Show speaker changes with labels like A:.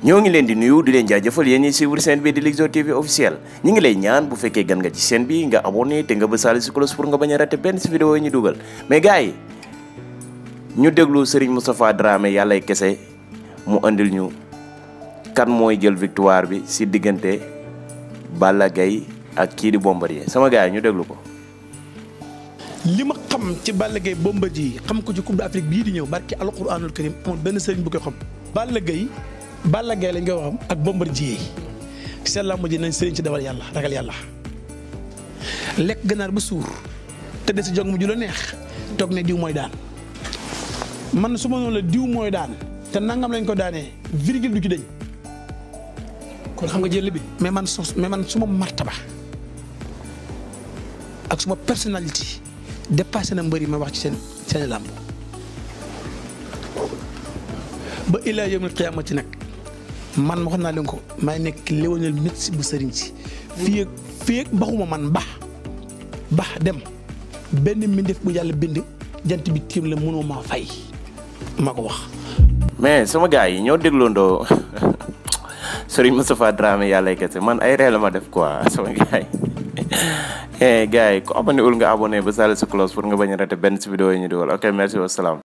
A: ñoo ngi leen di nuyu di leen jaajëfal yéen ñi suivre seen bi di Likzo TV officiel ñi ngi lay ñaan bu fekkee gan nga ci seen bi nga abonné te nga bësaale si cloche pour nga bañ a raté benn si vidéo yi ñu dugal mais gars yi ñu déglu sëriñ Moustapha Dramé yàllay kese mu andil ñu kan mooy jël victoire bi si diggante Balla gay ak kii di Bombardier sama gaa yi ñu déglu ko.
B: li ma xam ci Balla Gaye Bombardier xam ko ci Coupe d'Afrique bii di ñëw barki alquranul karim amul benn bu koy xam Balla Balla Gaye lañ koy waxam ak Bombardier seen làmb ji nañ sëriñ ci dawal yàlla ragal yàlla lekk ganaar ba suur te de si jog mu ju la neex toog ne diw mooy daan man su ma noonu la diw mooy daan te nangam lañ ko daane virgule du ci dëñ kon xam nga jël bi mais man sos mais man suma martaba ak suma personnalité dépassé na mbëri ma wax ci seen seen làmb ba ilaa yawmil ci nekk man waxoon naa leen ko maa ngi nekk léwénal nit si bu sëriñ si. fii ak fii man bax bax dem benn mbindeef bu yàlla bind jant bi tiim la mënoo maa fay maa ko wax.
A: mais sama gars yi ñoo dégloondoo Serigne Moustapha Dramé yàlla kese man ay réel ma def quoi sama gars yi eh, gars yi ku abonné nga abonné ba sàll si close pour nga bañ a raté benn si vidéo yi ñu ok merci wasalaam.